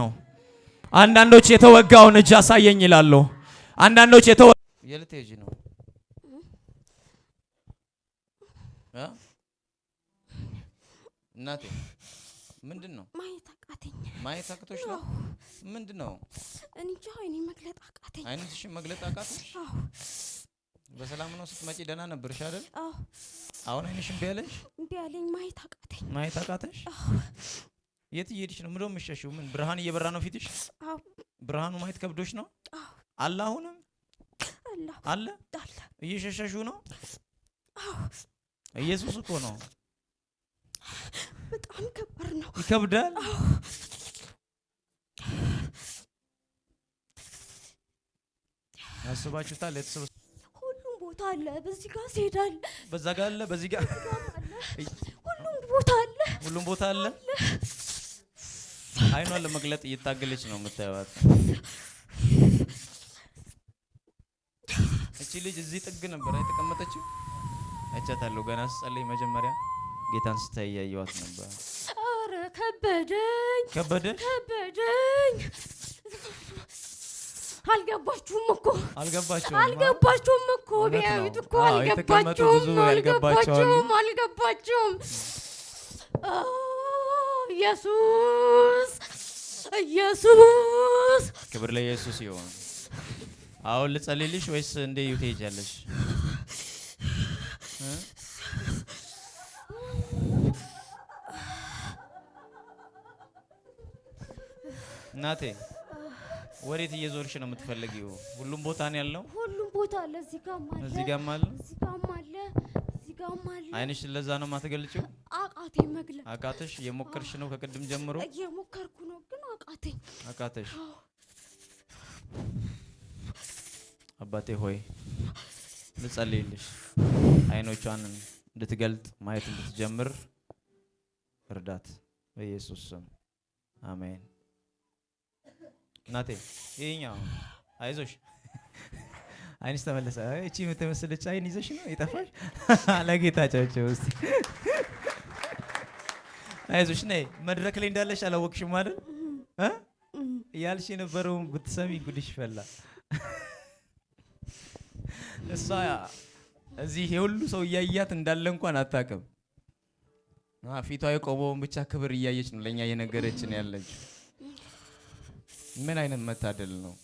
ነው። አንዳንዶች የተወጋውን እጅ አሳየኝ ይላሉ። አንዳንዶች የተወ የልቴጅ ነው እናቴ ምንድን ነው ማየት አቃተኝ። ማየት አቅቶሽ ነው? ምንድን ነው? እንጃ አይኔን መግለጥ አቃተኝ። አይንሽን መግለጥ አቃተሽ? በሰላም ነው ስትመጪ ደህና ነበርሽ አይደል? አሁን አይንሽ እምቢ አለሽ? እምቢ አለኝ። ማየት አቃተኝ። ማየት አቃተሽ? የት እየሄድሽ ነው? ምንድን የምትሸሺው? ምን ብርሃን እየበራ ነው ፊትሽ? ብርሃኑ ማየት ከብዶች ነው አለ። አሁንም አለ። እየሸሸሹ ነው። ኢየሱስ እኮ ነው። በጣም ከባድ ነው። ይከብዳል። ያስባችሁታል። ለተሰበ ሁሉም ቦታ አለ። በዚህ ጋር ሲሄዳል፣ በዛ ጋር አለ፣ በዚህ ጋር ሁሉም ቦታ አለ። ሁሉም ቦታ አለ። አይኗን ለመግለጥ እየታገለች ነው የምታየዋት። እቺ ልጅ እዚህ ጥግ ነበር የተቀመጠችው። አይቻታለሁ። ገና ስጸልይ መጀመሪያ ጌታን ስታይ እያየዋት ነበር። አረ ከበደኝ፣ ከበደኝ፣ ከበደኝ። አልገባችሁም እኮ አልገባችሁም፣ አልገባችሁም እኮ ቢያዩት እኮ አልገባችሁም፣ አልገባችሁም፣ አልገባችሁም ኢየሱስ ኢየሱስ፣ ክብር ለኢየሱስ ይሁን። አሁን ልጸልይልሽ ወይስ እንደ ዩ ትሄጃለሽ? እናቴ ወዴት እየዞርሽ ነው የምትፈልጊው? ሁሉም ቦታ ነው ያለው። ሁሉም ቦታ አለ። እዚህ ጋርም አለ፣ እዚህ ጋርም አለ፣ እዚህ ጋርም አለ። አይንሽ ለዛ ነው የማትገልጪው አቃተኝ መግለጥ። አቃተሽ? የሞከርሽ ነው ከቅድም ጀምሮ? የሞከርኩ ነው ግን አቃተኝ። አቃተሽ? አባቴ ሆይ ልጸልይልሽ፣ አይኖቿን እንድትገልጥ ማየት እንድትጀምር እርዳት፣ በኢየሱስ ስም አሜን። እናቴ ይህኛው አይዞሽ አይንሽ ተመለሰ። እቺ የምትመስለች አይን ይዘሽ ነው የጠፋሽ? ለጌታ ጫቸው ውስጥ አይዞሽ ነይ መድረክ ላይ እንዳለሽ አላወቅሽም አይደል እ እያልሽ የነበረውን ብትሰሚ ጉድሽ ፈላ። እሷ እዚህ የሁሉ ሰው እያያት እንዳለ እንኳን አታውቅም። ፊቷ የቆመውን ብቻ ክብር እያየች ነው ለእኛ እየነገረችን ያለች። ምን አይነት መታደል ነው!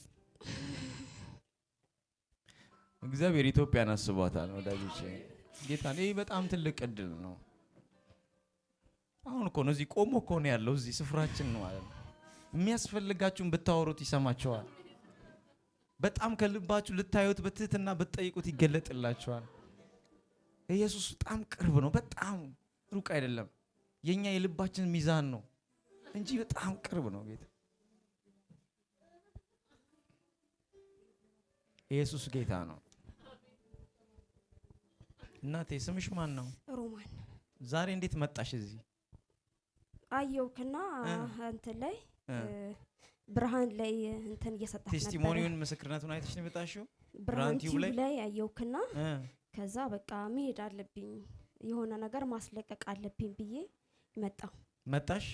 እግዚአብሔር ኢትዮጵያን አስቧታል ወዳጆች። ጌታ ይህ በጣም ትልቅ እድል ነው። አሁን እኮ ነው እዚህ ቆሞ እኮ ነው ያለው። እዚህ ስፍራችን ነው ማለት ነው። የሚያስፈልጋችሁን ብታወሩት ይሰማቸዋል። በጣም ከልባችሁ ልታዩት በትህትና ብትጠይቁት ይገለጥላችኋል። ኢየሱስ በጣም ቅርብ ነው፣ በጣም ሩቅ አይደለም። የእኛ የልባችን ሚዛን ነው እንጂ በጣም ቅርብ ነው ጌታ ኢየሱስ ጌታ ነው። እናቴ ስምሽ ማን ነው? ሮማን። ዛሬ እንዴት መጣሽ እዚህ? አየውክና እንትን ላይ ብርሃን ላይ እንትን እየሰጣት ቴስቲሞኒውን ምስክርነቱን አይተሽ ነው የመጣሽው? ብርሃን ቲዩብ ላይ አየውክና ከዛ በቃ መሄድ አለብኝ የሆነ ነገር ማስለቀቅ አለብኝ ብዬ መጣሁ። መጣሽ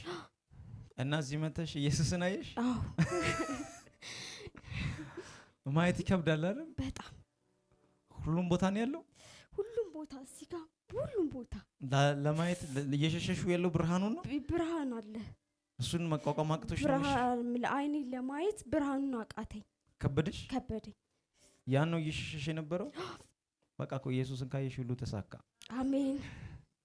እና እዚህ መተሽ ኢየሱስን አየሽ። ማየት ይከብዳል አይደል? በጣም ሁሉም ቦታ ነው ያለው ሁሉም ቦታ እዚህ ሁሉም ቦታ ለማየት እየሸሸሹ ያለው ብርሃኑ ነው። ብርሃን አለ። እሱን መቋቋም አቅቶች ነው። ለማየት ብርሃኑን አቃተኝ። ከበደሽ ከበደኝ። ያን ነው እየሸሸሽ የነበረው። በቃ እኮ ኢየሱስን ካየሽ ሁሉ ተሳካ። አሜን።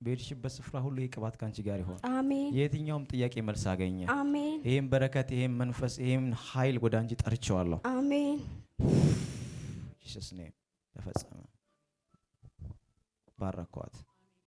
በሄድሽበት ስፍራ ሁሉ የቅባት ካንቺ ጋር ይሆን። አሜን። የትኛውም ጥያቄ መልስ አገኘ። አሜን። ይህም በረከት፣ ይህም መንፈስ፣ ይህም ኃይል ወደ አንቺ ጠርቸዋለሁ። አሜን። ጂሰስ ተፈጸመ። ባረኳት።